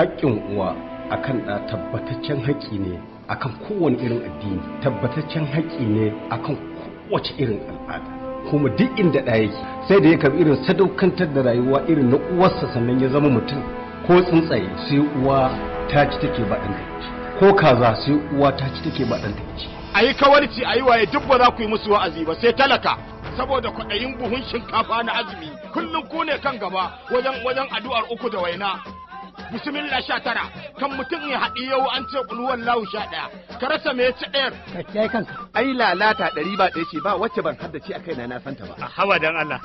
haƙƙin uwa kan ɗa tabbataccen haƙƙi ne akan kowane irin addini tabbataccen haƙƙi ne kan kowace irin al'ada kuma duk inda ɗaya yake sai da ya karɓi irin sadaukantar da rayuwa irin na uwarsa sannan ya zama mutum ko tsuntsaye sai uwa ta ci take ba ɗan ko kaza sai uwa ta ci take ba ɗan a yi kawarci a yi waye duk ba za ku yi musu wa'azi ba sai talaka saboda kwaɗayin buhun shinkafa na azumi kullum ku ne kan gaba wajen addu'ar uku da waina bismillah sha tara kan mutum ya haɗi yau an ce ƙulwar lahu sha ɗaya ka rasa me ci ɗayar ka kiyaye kanka ai lalata ɗari ba ɗaya ce ba wacce ban haddace a na na santa ba a hawa dan Allah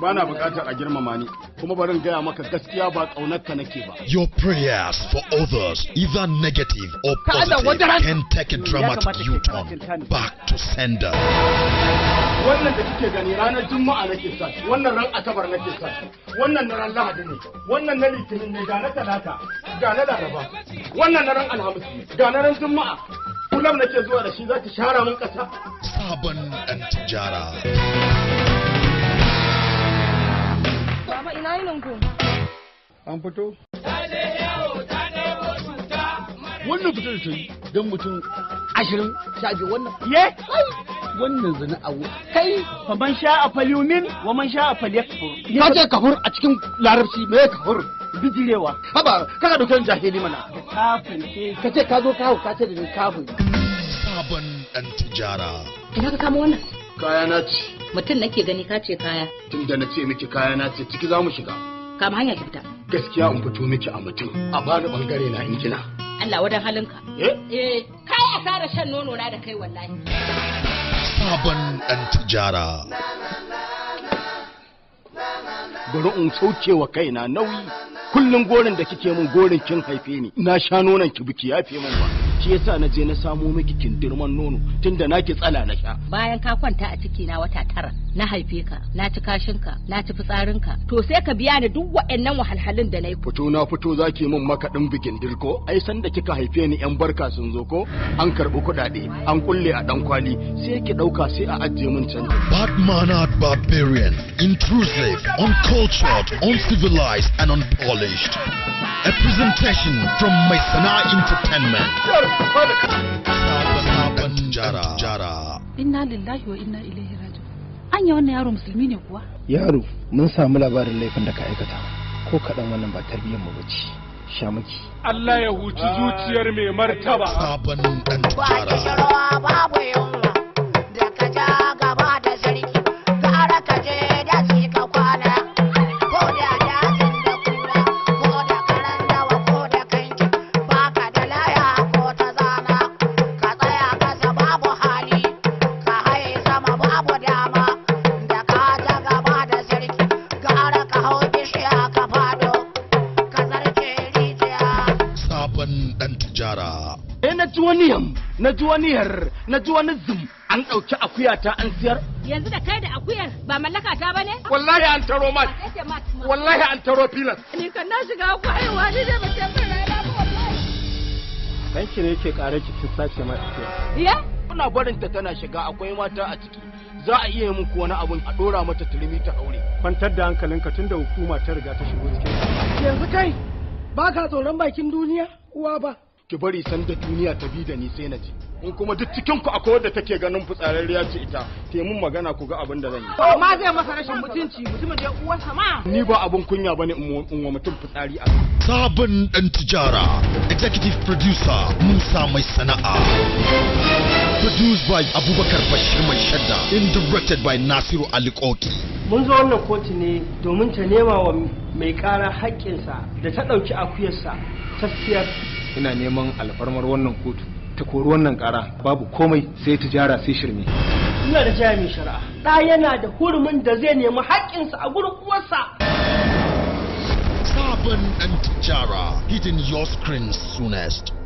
ba na buƙatar a girmama ni kuma barin gaya maka gaskiya ba ƙaunar ka nake ba your prayers for others either negative or positive can take a dramatic U-turn back to sender wannan da kike gani ranar juma'a nake sa wannan ran asabar nake sa wannan na ran lahadi ne wannan na litinin ne ga na talata ga na laraba wannan na ran alhamis ga na ran juma'a kullum nake zuwa da shi za ta share min kasa sabon dan tijara baba ina yinin ku an fito ta je yawo ta ɗebo cuta wannan fitar ta yi don mutum ashirin sha biyu wannan ye wannan zina abu kai fa man sha a falyumin wa man sha a falyakfur ka ce kafur a cikin larabci me kafur bijirewa haba kaka da kan jahili mana kafin ka ce ka zo kawo ka ce da kafin sabon dan tijara ina ka kama wannan kaya na ce mutum nake gani ka ce kaya tun da na ce miki kaya na ce ciki za mu shiga kama hanya ki fita gaskiya in fito miki a mutum a bani bangare na in Allah wadan halinka eh eh a fara shan nono na da kai wallahi sabon dan tijara bari in sauke wa kaina nauyi kullum gorin da kike min gorin kin haife ni na sha nonon ki biki yafe min ba shi yasa na je na samo miki kindirman nono tunda naki tsala na sha bayan ka kwanta a ciki na wata tara na haife ka na ci kashin ka na ci fitsarin ka to sai ka biya ni duk waɗannan wahalhalun da nayi fito na fito zaki min makaɗin bikin dirko ai san da kika haife ni yan barka sun zo ko an karɓi kuɗaɗe an kulle a ɗan kwali sai ki ɗauka sai a ajiye min can bad mannered barbarian intrusive uncultured uncivilized and unpolished A presentation from Maisana Entertainment. Sabon Inna lillahi wa inna ilaihi An Anya wannan yaro musulmi ne kuwa? Yaro, mun samu labarin laifin da ka aikata. Ko kaɗan wannan ba tarbiyyar mu bace. miki Allah ya huci zuciyar mai martaba. Sabon dan tara Ba babu yau dan dan tijara eh na ji wani yam na ji wani yar na ji wani zum an dauki akuya ta an siyar yanzu da kai da akuyar ba mallaka ta bane wallahi an taro mat wallahi an taro filas ni kan na shiga ku ni dai ba ce ban rayuwa ba wallahi kanki ne yake kare ki kin sace ma akuya ya kuna barin ta tana shiga akwai mata a ciki za a iya muku wani abun a dora mata turmi ta aure kwantar da hankalinka tunda hukuma ta riga ta shigo cikin yanzu kai ba ka tsoron bakin duniya uwa ba ki bari san da duniya ta bi da ni sai na ji in kuma duk cikin ku akwai wadda take ganin fitsararriya ce ita te mun magana ku ga abin da zan yi amma zai masa rashin mutunci mutumin da uwa ma ni ba abin kunya bane in wa mutum fitsari a sabon dan tijara executive producer Musa mai sana'a produced by abubakar bashir mai shadda and directed by nasiru alikoki mun zo wannan kotu ne domin ta nema wa mai kara haƙƙinsa da ta ɗauki akuyarsa Tafiyar ina neman alfarmar wannan kotu ta kori wannan kara babu komai sai ta jara sai shirme ina da jami shari'a da yana da hurumin da zai nemi haƙƙinsa a gurin uwarsa sabon and Tijara hitting your screen soonest.